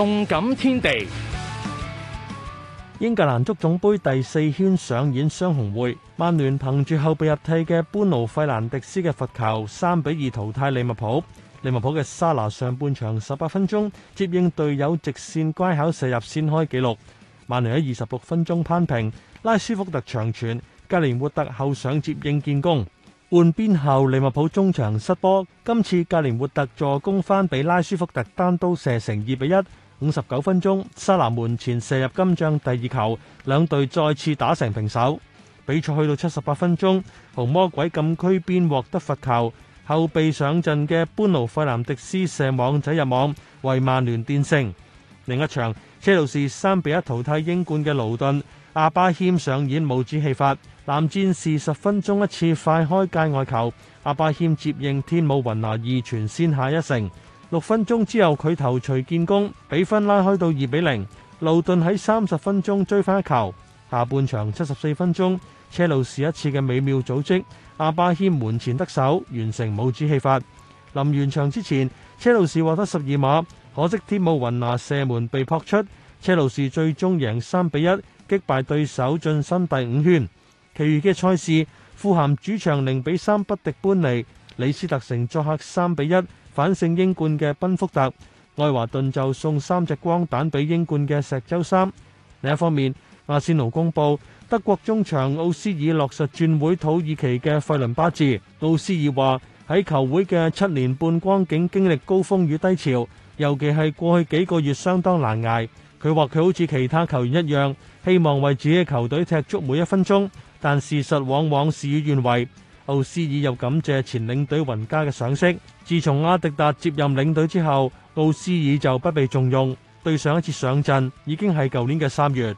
動感天地，英格蘭足總盃第四圈上演雙紅會，曼聯憑住後備入替嘅般奴費南迪斯嘅罰球三比二淘汰利物浦。利物浦嘅沙拿上半場十八分鐘接應隊友直綫乖巧射入先開紀錄，曼聯喺二十六分鐘攀平。拉舒福特長傳，格連活特後上接應建功。換邊後利物浦中場失波，今次格連活特助攻翻俾拉舒福特單刀射成二比一。1, 五十九分鐘，沙拿門前射入今仗第二球，兩隊再次打成平手。比賽去到七十八分鐘，紅魔鬼禁區邊獲得罰球，後備上陣嘅般奴費南迪斯射網仔入網，為曼聯奠勝。另一場，車路士三比一淘汰英冠嘅勞頓，阿巴謙上演帽子戲法，藍戰士十分鐘一次快開界外球，阿巴謙接應天奴雲拿二傳先下一城。六分鐘之後佢頭槌建功，比分拉開到二比零。路頓喺三十分鐘追翻一球。下半場七十四分鐘，車路士一次嘅美妙組織，阿巴謙門前得手，完成帽子戲法。臨完場之前，車路士獲得十二碼，可惜天母雲拿射門被撲出。車路士最終贏三比一，擊敗對手進身第五圈。其餘嘅賽事，富咸主場零比三不敵般尼，李斯特城作客三比一。.反勝英冠嘅賓福特，愛華頓就送三隻光蛋俾英冠嘅石洲三。另一方面，阿仙奴公布德國中場奧斯爾落實轉會土耳其嘅費倫巴治。奧斯爾話喺球會嘅七年半光景經歷高峰與低潮，尤其係過去幾個月相當難捱。佢話佢好似其他球員一樣，希望為自己嘅球隊踢足每一分鐘，但事實往往事與願違。奧斯爾又感謝前領隊雲加嘅賞識。自從阿迪達接任領隊之後，奧斯爾就不被重用，對上一次上陣已經係舊年嘅三月。